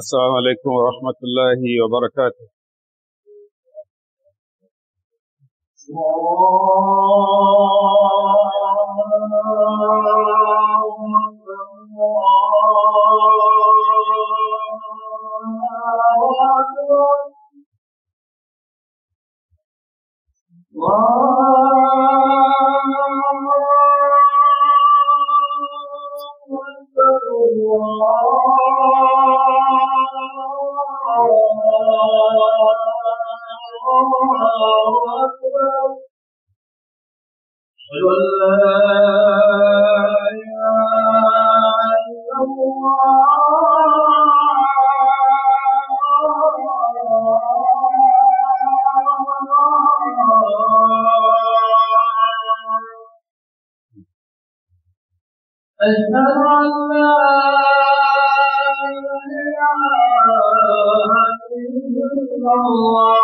السلام عليكم ورحمة الله وبركاته الله أشهد أن لا إله إلا الله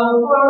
Now, for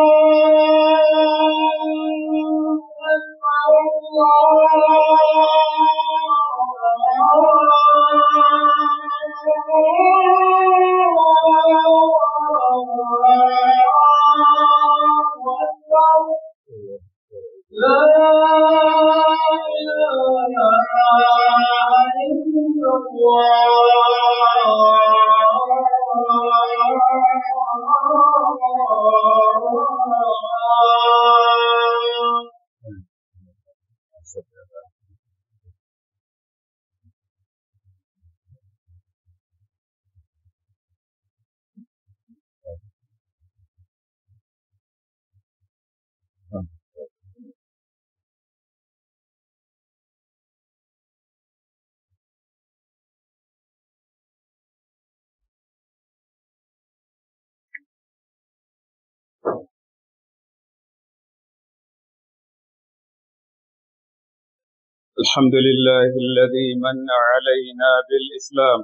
الحمد لله الذي من علينا بالإسلام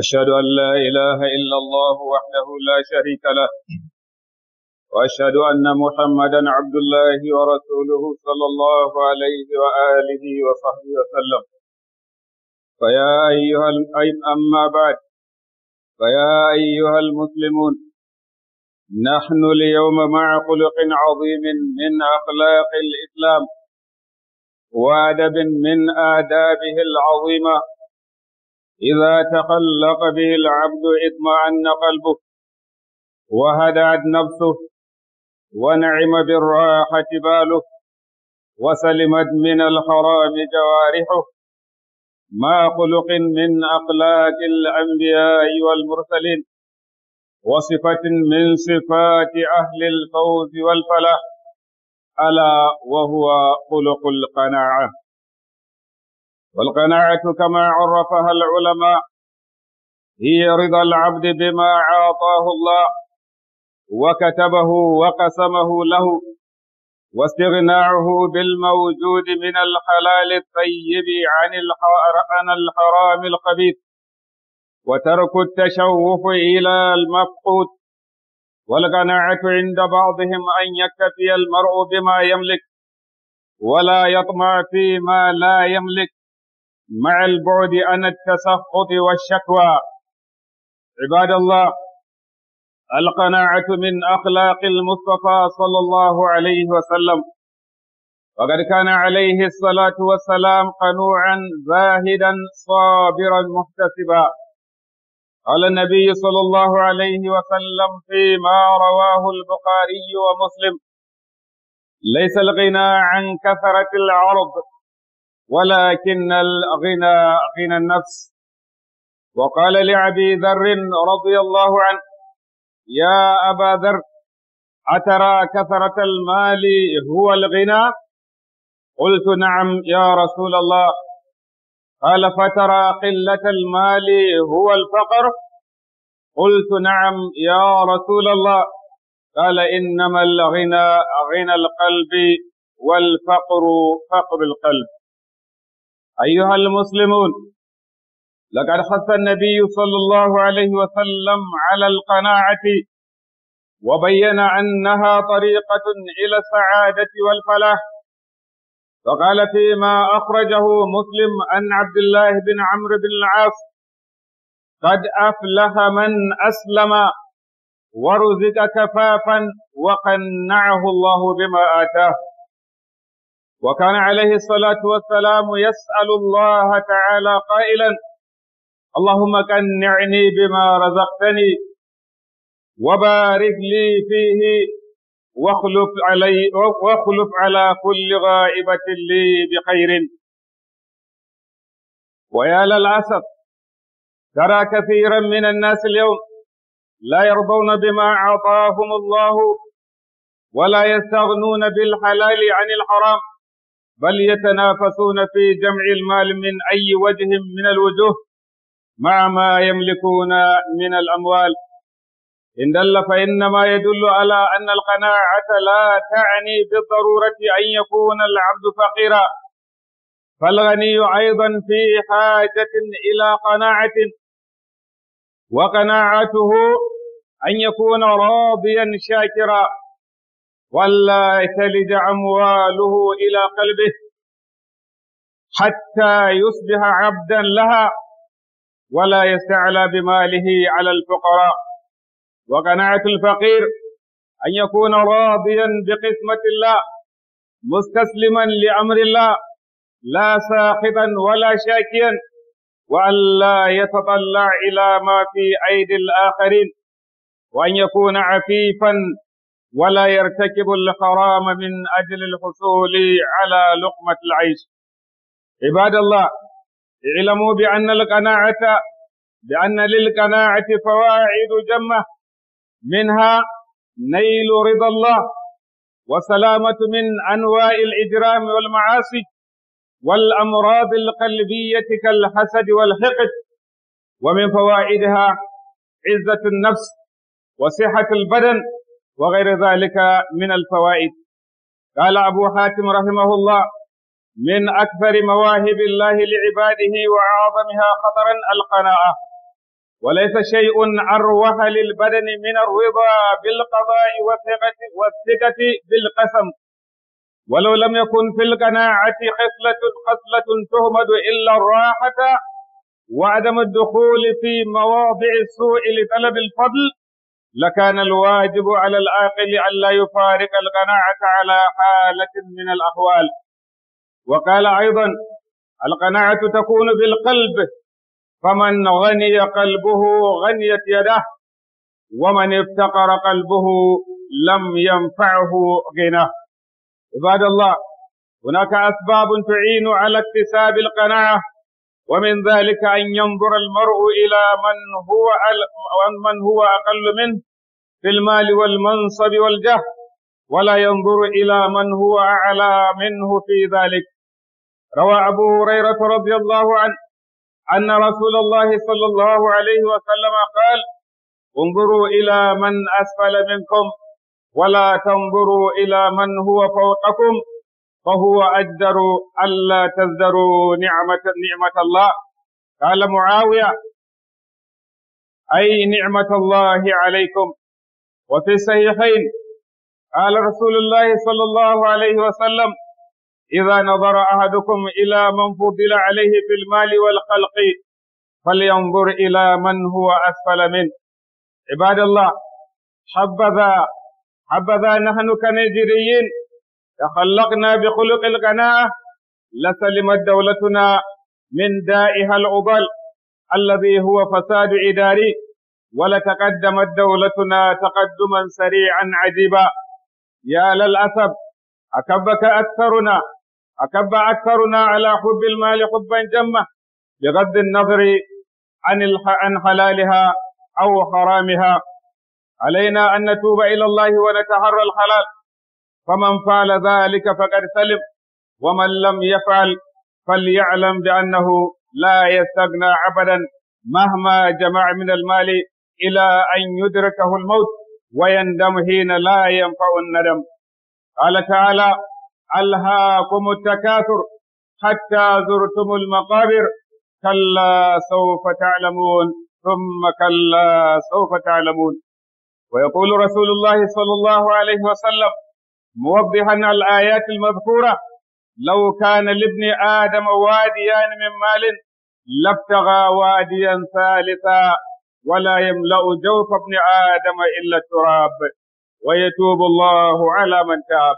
أشهد أن لا إله إلا الله وحده لا شريك له وأشهد أن محمدا عبد الله ورسوله صلى الله عليه وآله وصحبه وسلم فيا أيها أما بعد فيا أيها المسلمون نحن اليوم مع خلق عظيم من أخلاق الإسلام وادب من آدابه العظيمة إذا تقلق به العبد اطمأن قلبه وهدأت نفسه ونعم بالراحة باله وسلمت من الحرام جوارحه ما خلق من أخلاق الأنبياء والمرسلين وصفة من صفات أهل الفوز والفلاح ألا وهو خلق القناعة والقناعة كما عرفها العلماء هي رضا العبد بما أعطاه الله وكتبه وقسمه له واستغناعه بالموجود من الحلال الطيب عن عن الحرام الخبيث وترك التشوف إلى المفقود والقناعة عند بعضهم أن يكتفي المرء بما يملك ولا يطمع فيما لا يملك مع البعد عن التسخط والشكوى عباد الله القناعة من أخلاق المصطفى صلى الله عليه وسلم وقد كان عليه الصلاة والسلام قنوعا زاهدا صابرا محتسبا قال النبي صلى الله عليه وسلم فيما رواه البخاري ومسلم ليس الغنى عن كثرة العرض ولكن الغنى غنى النفس وقال لعبي ذر رضي الله عنه يا أبا ذر أترى كثرة المال هو الغنى قلت نعم يا رسول الله قال فترى قلة المال هو الفقر قلت نعم يا رسول الله قال إنما الغنى غنى القلب والفقر فقر القلب أيها المسلمون لقد حث النبي صلى الله عليه وسلم على القناعة وبين أنها طريقة إلى السعادة والفلاح وقال فيما أخرجه مسلم عن عبد الله بن عمرو بن العاص قد أفلح من أسلم ورزق كفافا وقنعه الله بما آتاه وكان عليه الصلاة والسلام يسأل الله تعالى قائلا اللهم قنعني بما رزقتني وبارك لي فيه واخلف علي واخلف على كل غائبة لي بخير ويا للأسف ترى كثيرا من الناس اليوم لا يرضون بما أعطاهم الله ولا يستغنون بالحلال عن الحرام بل يتنافسون في جمع المال من أي وجه من الوجوه مع ما يملكون من الأموال إن دل فإنما يدل على أن القناعة لا تعني بالضرورة أن يكون العبد فقيرا فالغني أيضا في حاجة إلى قناعة وقناعته أن يكون راضيا شاكرا ولا تلج أمواله إلى قلبه حتى يصبح عبدا لها ولا يستعلى بماله على الفقراء وقناعة الفقير أن يكون راضيا بقسمة الله مستسلما لأمر الله لا ساخطا ولا شاكيا وأن لا يتطلع إلى ما في أيدي الآخرين وأن يكون عفيفا ولا يرتكب الحرام من أجل الحصول على لقمة العيش عباد الله اعلموا بأن القناعة بأن للقناعة فواعد جمة منها نيل رضا الله وسلامة من أنواع الإجرام والمعاصي والأمراض القلبية كالحسد والحقد ومن فوائدها عزة النفس وصحة البدن وغير ذلك من الفوائد قال أبو حاتم رحمه الله من أكثر مواهب الله لعباده وأعظمها خطرا القناعة وليس شيء أروح للبدن من الرضا بالقضاء والثقة بالقسم ولو لم يكن في القناعة خصلة خصلة تهمد إلا الراحة وعدم الدخول في مواضع السوء لطلب الفضل لكان الواجب على العاقل ألا يفارق القناعة على حالة من الأحوال وقال أيضا القناعة تكون بالقلب فمن غني قلبه غنيت يده ومن افتقر قلبه لم ينفعه غناه عباد الله هناك أسباب تعين على اكتساب القناعة ومن ذلك أن ينظر المرء إلى من هو من هو أقل منه في المال والمنصب والجهل ولا ينظر إلى من هو أعلى منه في ذلك روى أبو هريرة رضي الله عنه أن رسول الله صلى الله عليه وسلم قال انظروا إلى من أسفل منكم ولا تنظروا إلى من هو فوقكم فهو أجدر ألا تزدروا نعمة نعمة الله قال معاوية أي نعمة الله عليكم وفي الصحيحين قال رسول الله صلى الله عليه وسلم إذا نظر أحدكم إلى من فضل عليه في المال والخلق فلينظر إلى من هو أسفل منه عباد الله حبذا حبذا نحن كنيجيريين تخلقنا بخلق القناعة لسلمت دولتنا من دائها العضل الذي هو فساد إداري ولتقدمت دولتنا تقدما سريعا عجيبا يا للأسف أكبك أكثرنا أكب أكثرنا على حب المال حبا جمة بغض النظر عن حلالها أو حرامها علينا أن نتوب إلى الله ونتحرى الحلال فمن فعل ذلك فقد سلم ومن لم يفعل فليعلم بأنه لا يستغنى أبدا مهما جمع من المال إلى أن يدركه الموت ويندم حين لا ينفع الندم قال تعالى ألهاكم التكاثر حتى زرتم المقابر كلا سوف تعلمون ثم كلا سوف تعلمون ويقول رسول الله صلى الله عليه وسلم موضحا الآيات المذكورة لو كان لابن آدم واديان من مال لابتغى واديا ثالثا ولا يملأ جوف ابن آدم إلا التراب ويتوب الله على من تاب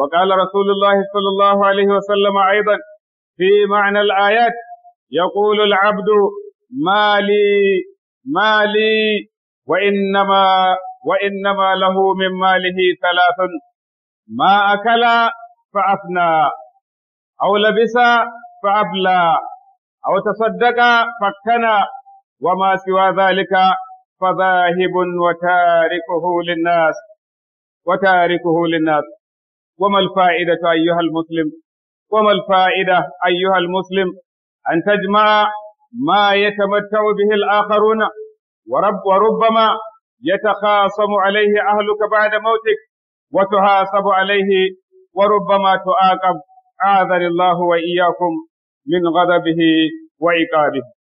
وقال رسول الله صلى الله عليه وسلم أيضا في معنى الآيات يقول العبد ما لي ما لي وإنما وإنما له من ماله ثلاث ما أكل فأفنى أو لبس فأبلى أو تصدق فكنى وما سوى ذلك فذاهب وتاركه للناس وتاركه للناس وما الفائدة أيها المسلم وما الفائدة أيها المسلم أن تجمع ما يتمتع به الآخرون ورب وربما يتخاصم عليه أهلك بعد موتك وتحاسب عليه وربما تؤاقب أعاذني الله وإياكم من غضبه وعقابه